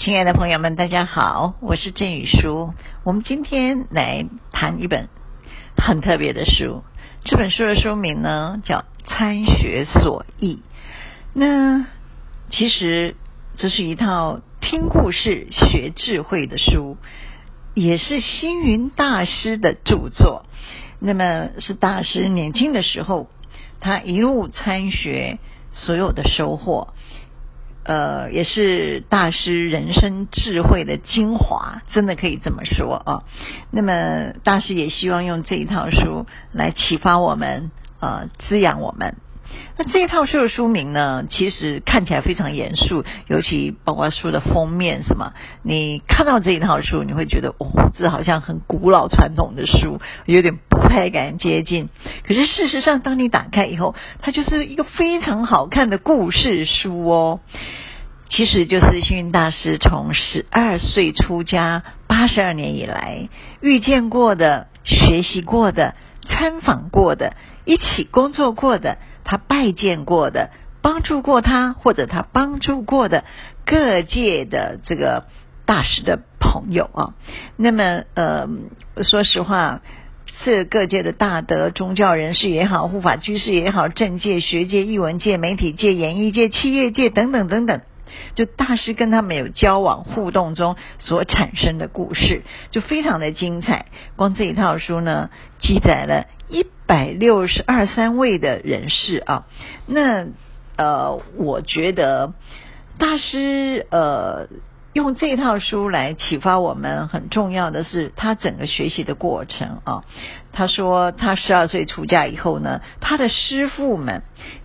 親愛的朋友們，大家好，我是鄭羽書。我們今天來談一本很特別的書。這本書的書名呢叫，《參學瑣憶》。那其實這是一套聽故事學智慧的書，也是星雲大師的著作。那麼是大師年輕的時候，他一路參學所有的收穫。呃，也是大師人生智慧的精華，真的可以這麼說啊。那麼大師也希望用這一套書來啟發我們，呃，滋養我們。那這一套書的書名呢，其實看起來非常嚴肅，尤其包括書的封面是嗎？你看到這一套書，你會覺得哦，這好像很古老傳統的書，有點不太敢接近。可是事實上，當你打開以後，它就是一個非常好看的故事書哦。其實就是星雲大師從十二歲出家八十二年以來遇見過的、學習過的、參訪過的、一起工作過的。他拜見過的、幫助過他或者他幫助過的各界的這個大師的朋友啊，那麼呃，說實話，這各界的大德、宗教人士也好、護法居士也好、政界、學界、藝文界、媒體界、演藝界、企業界等等等等，就大師跟他們有交往互動中所產生的故事，就非常的精彩。光這一套書呢，記載了。百六十二三位的人士啊，那呃，我覺得大師呃用這套書來啟發我們很重要的是，他整個學習的過程啊。他說：“他十二歲出家以後呢，他的師父們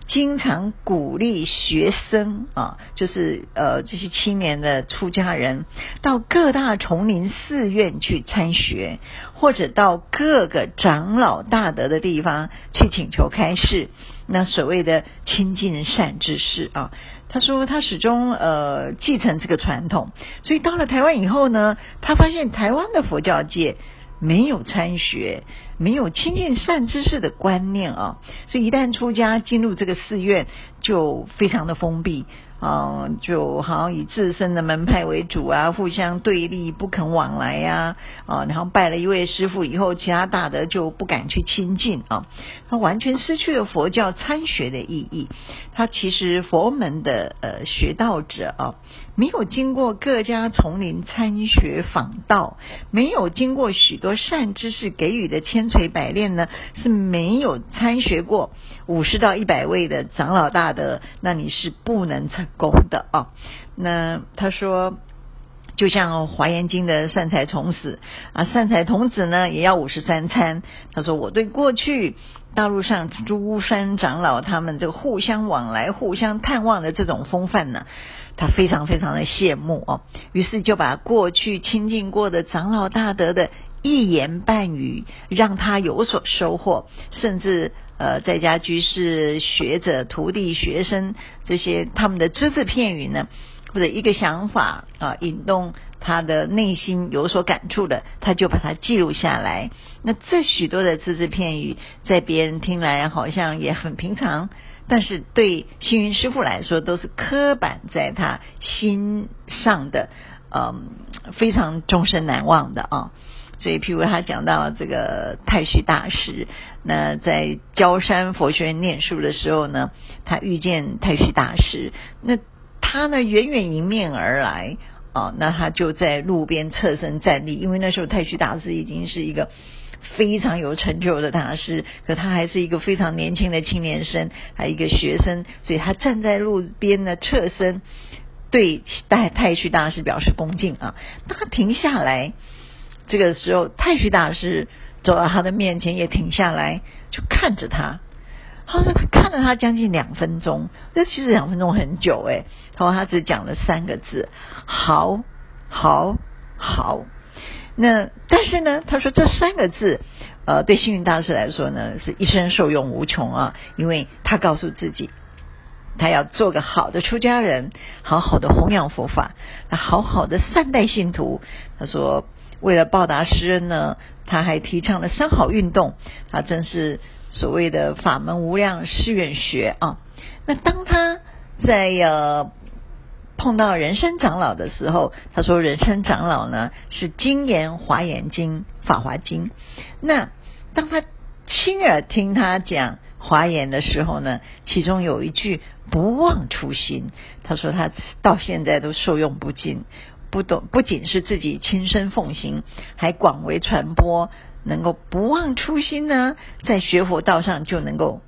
經常鼓勵學生啊，就是呃這些青年的出家人，到各大叢林寺院去參學，或者到各個長老大德的地方去請求開示。那所謂的親近善知識啊。”他說：“他始終呃繼承這個傳統，所以到了台灣以後呢，他發現台灣的佛教界沒有參學。”沒有親近善知識的觀念啊，所以一旦出家進入這個寺院，就非常的封閉啊，就好像以自身的門派為主啊，互相對立，不肯往來呀啊，啊，然後拜了一位師父以後，其他大德就不敢去親近啊，他完全失去了佛教參學的意義。他其實佛門的呃學道者啊，沒有經過各家叢林參學訪道，沒有經過許多善知識給予的牽。千錘百鍊呢是沒有參學過五十到一百位的長老大德，那你是不能成功的啊、哦。那他說，就像華嚴經的善財童子啊，善財童子呢也要五十三參。他說，我對過去大陸上諸山長老他們這個互相往來、互相探望的這種風範呢。他非常非常的羨慕哦，於是就把過去親近過的長老大德的一言半語，讓他有所收穫，甚至呃在家居士、學者、徒弟、學生這些他們的只字片語呢，或者一個想法啊、呃，引動他的內心有所感觸的，他就把它記錄下來。那這許多的只字片語，在別人聽來好像也很平常。但是對星雲師父來說，都是刻板在他心上的。嗯，非常終身難忘的啊。所以，譬如他講到這個太虛大師，那在焦山佛學院念書的時候呢，他遇見太虛大師，那他呢遠遠迎面而來。啊、哦，那他就在路邊側身站立。因為那時候太虛大師已經是一個非常有成就的大師。可他還是一個非常年輕的青年生，還有一個學生，所以他站在路邊呢，側身對待太虛大師表示恭敬啊。他停下來，這個時候太虛大師走到他的面前也停下來，就看着他。他說：“看了他將近兩分鐘，那其實兩分鐘很久誒，然後他只講了三個字：好，好，好。那但是呢，他說這三個字，呃，對星雲大師來說呢，是一生受用無窮啊。因為他告訴自己，他要做個好的出家人，好好的弘揚佛法，他好好的善待信徒。他說，為了報答師恩呢，他還提倡了三好運動。他真是。”所謂的法門無量誓願學啊、哦，那當他在呃碰到人生長老的時候，他說人生長老呢是精研華嚴經、法華經。那當他親耳聽他講華嚴的時候呢，其中有一句不忘初心，他說他到現在都受用不盡，不懂不僅是自己親身奉行，還廣為傳播。能夠不忘初心呢、啊，在學佛道上就能夠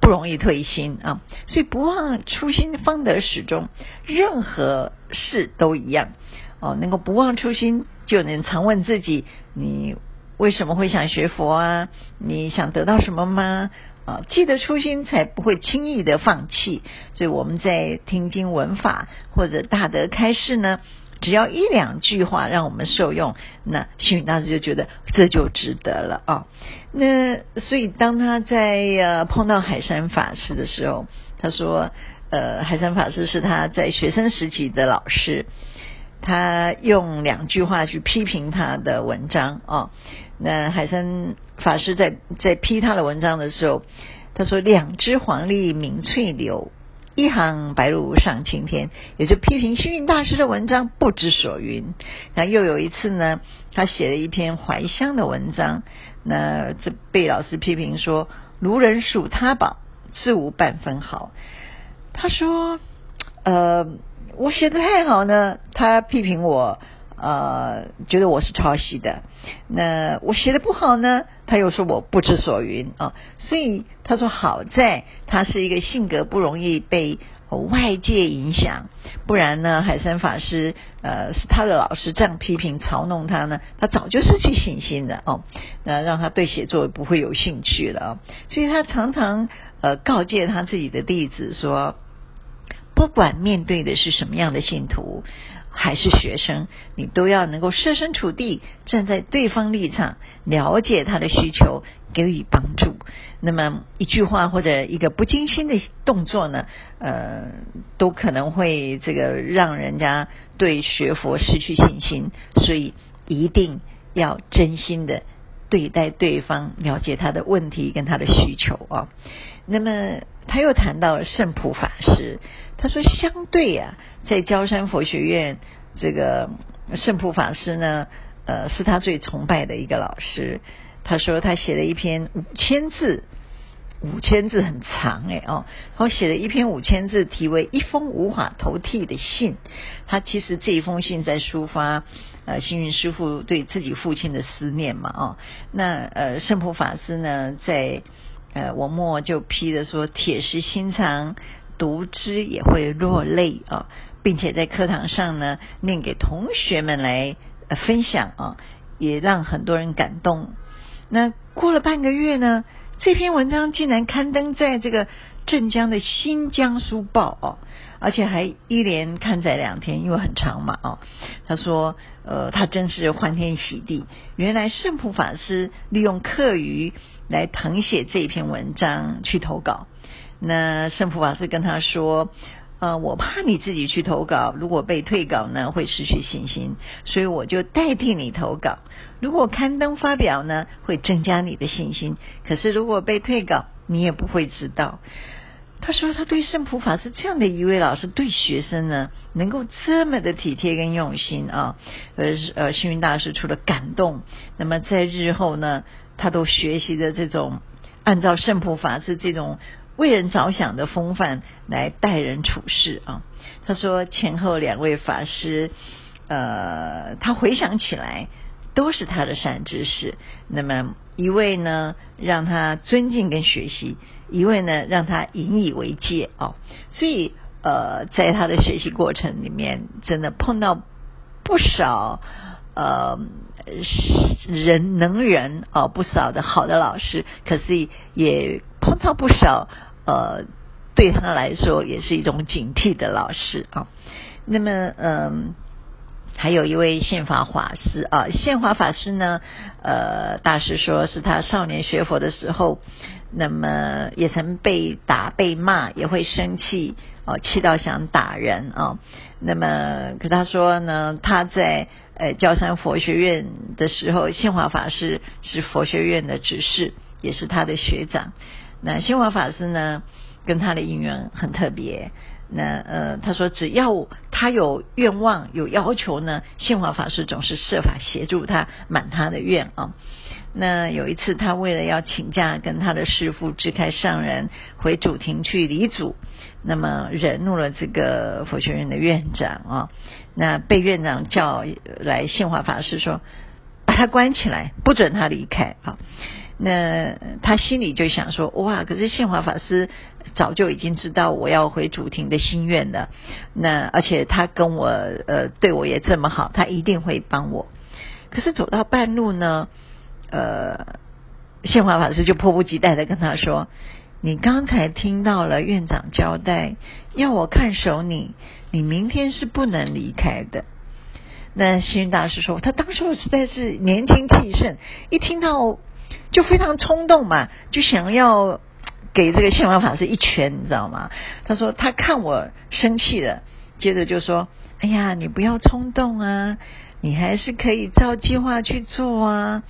不容易退心啊。所以不忘初心方得始終，任何事都一樣哦。能夠不忘初心，就能常問自己：你為什麼會想學佛啊？你想得到什麼嗎？啊、哦，記得初心，才不會輕易的放棄。所以我們在聽經聞法或者大德開示呢。只要一兩句話讓我們受用，那星雲大師就覺得這就值得了啊、哦。那所以當他在呃碰到海山法師的時候，他說，呃，海山法師是他在學生時期的老師，他用兩句話去批評他的文章啊、哦。那海山法師在在批他的文章的時候，他說：“兩隻黃鸝鳴翠柳。”一行白鷺上青天，也就批評星雲大師的文章不知所云。那又有一次呢，他寫了一篇懷鄉的文章，那這被老師批評說，如人數他寶，自無半分好。他說，呃，我寫得太好呢，他批評我。呃，覺得我是抄襲的，那我寫得不好呢，他又說我不知所云啊、哦，所以他說好在他是一個性格不容易被外界影響，不然呢，海山法師呃是他的老師，這樣批評嘲弄他呢，他早就失去信心了哦，那讓他對寫作不會有興趣了哦，所以他常常呃告誡他自己的弟子說。不管面對的是什麼樣的信徒還是學生，你都要能夠設身處地站在對方立場，了解他的需求，給予幫助。那麼一句話或者一個不經心的動作呢，呃，都可能會這個讓人家對學佛失去信心。所以一定要真心的。對待對方，了解他的問題跟他的需求啊、哦。那麼他又談到聖普法師，他說相對呀、啊，在焦山佛學院，這個聖普法師呢，呃，是他最崇拜的一個老師。他說他寫了一篇五千字。五千字很長哎、欸、哦，他寫了一篇五千字，題為《一封無法投遞的信》。他其實這一封信在抒發呃，星雲師父對自己父親的思念嘛哦。那呃，聖璞法師呢，在呃，我默就批的說，鐵石心腸讀之也會落淚啊、哦，並且在課堂上呢，念給同學們來呃分享啊、哦，也讓很多人感動。那過了半個月呢？這篇文章竟然刊登在這個鎮江的新江蘇報，哦，而且還一連刊載兩天，因為很長嘛哦。他說，呃，他真是歡天喜地，原來聖普法師利用課餘來謄寫這篇文章去投稿。那聖普法師跟他說，呃，我怕你自己去投稿，如果被退稿呢，會失去信心，所以我就代替你投稿。如果刊登發表呢，會增加你的信心。可是如果被退稿，你也不會知道。他說，他對聖普法是這樣的一位老師，對學生呢，能夠這麼的體貼跟用心啊，呃呃，幸運大師除了感動，那麼在日後呢，他都學習的這種，按照聖普法是這種。為人着想的風範來待人處事啊。他說前後兩位法師，呃，他回想起來都是他的善知識。那麼一位呢，讓他尊敬跟學習；一位呢，讓他引以為戒啊、哦。所以呃，在他的學習過程裡面，真的碰到不少呃人能人哦，不少的好的老師，可是也碰到不少。呃，對他來說也是一種警惕的老師啊。那麼，嗯、呃，還有一位憲法法師啊、呃，憲法法師呢，呃，大師說是他少年學佛的時候，那麼也曾被打、被罵，也會生氣哦、呃，氣到想打人啊、呃。那麼，可他說呢，他在呃焦山佛學院的時候，憲法法師是佛學院的執事，也是他的學長。那新華法師呢？跟他的姻緣很特別。那呃，他說只要他有願望、有要求呢，興華法師總是設法協助他滿他的願啊、哦。那有一次，他為了要請假跟他的師父志開上人回祖庭去禮祖。那麼惹怒了這個佛學院的院長啊、哦。那被院長叫來，興華法師說：“把他關起來，不准他離開、哦。”啊。那他心裡就想說：“哇！可是憲華法師早就已經知道我要回祖庭的心願了。那而且他跟我呃，對我也這麼好，他一定會幫我。可是走到半路呢，呃，憲華法師就迫不及待的跟他說：‘你剛才聽到了院長交代，要我看守你，你明天是不能離開的。’那星雲大師說，他當時我實在是年輕氣盛，一聽到。”就非常衝動嘛，就想要給這個性王法師一拳，你知道嗎？他說他看我生氣了，接着就說：“哎呀，你不要衝動啊，你還是可以照計劃去做啊。”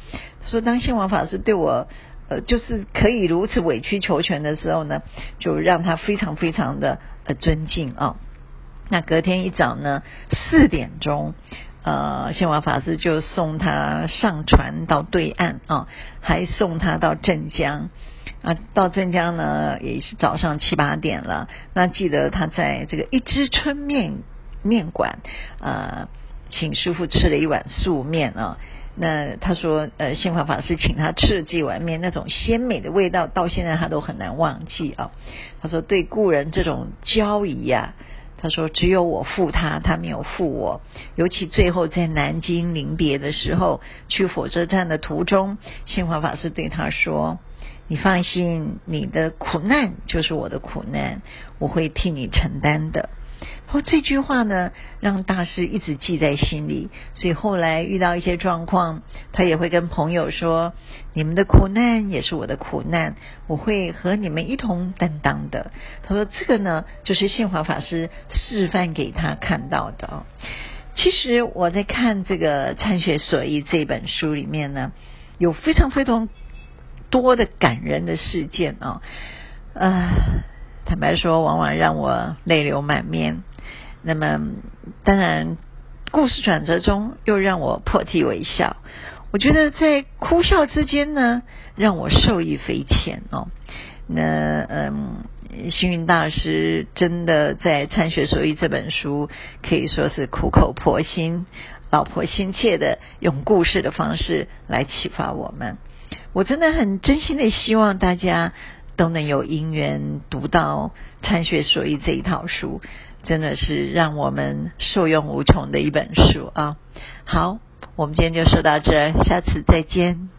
他說當性王法師對我呃，就是可以如此委曲求全的時候呢，就讓他非常非常的呃尊敬啊、哦。那隔天一早呢，四點鐘。呃，憲華法師就送他上船到對岸啊、哦，還送他到鎮江啊。到鎮江呢，也是早上七八點了。那記得他在這個一枝春面麵館啊，請師父吃了一碗素麵啊、哦。那他說，呃，憲華法師請他吃這碗麵，那種鮮美的味道，到現在他都很難忘記啊、哦。他說，對故人這種交誼呀、啊。他說：“只有我負他，他沒有負我。尤其最後在南京臨別的時候，去火車站的途中，星雲法師對他說：‘你放心，你的苦難就是我的苦難，我會替你承擔的。’”後這句話呢，讓大師一直記在心裡。所以後來遇到一些狀況，他也會跟朋友說：“你們的苦難也是我的苦難，我會和你們一同擔當的。”他說：“這個呢，就是性華法師示範給他看到的。”哦，其實我在看這個《參學瑣憶》這本書裡面呢，有非常非常多的感人的事件啊、哦，呃坦白說，往往讓我淚流滿面。那麼，當然，故事轉折中又讓我破涕為笑。我覺得在哭笑之間呢，讓我受益匪淺哦。那嗯，星雲大師真的在《參學瑣憶》這本書可以說是苦口婆心、老婆心切的，用故事的方式來啟發我們。我真的很真心的希望大家，都能有因緣讀到《參學瑣憶》這一套書，真的是讓我們受用無窮的一本書啊！好，我們今天就說到這，下次再見。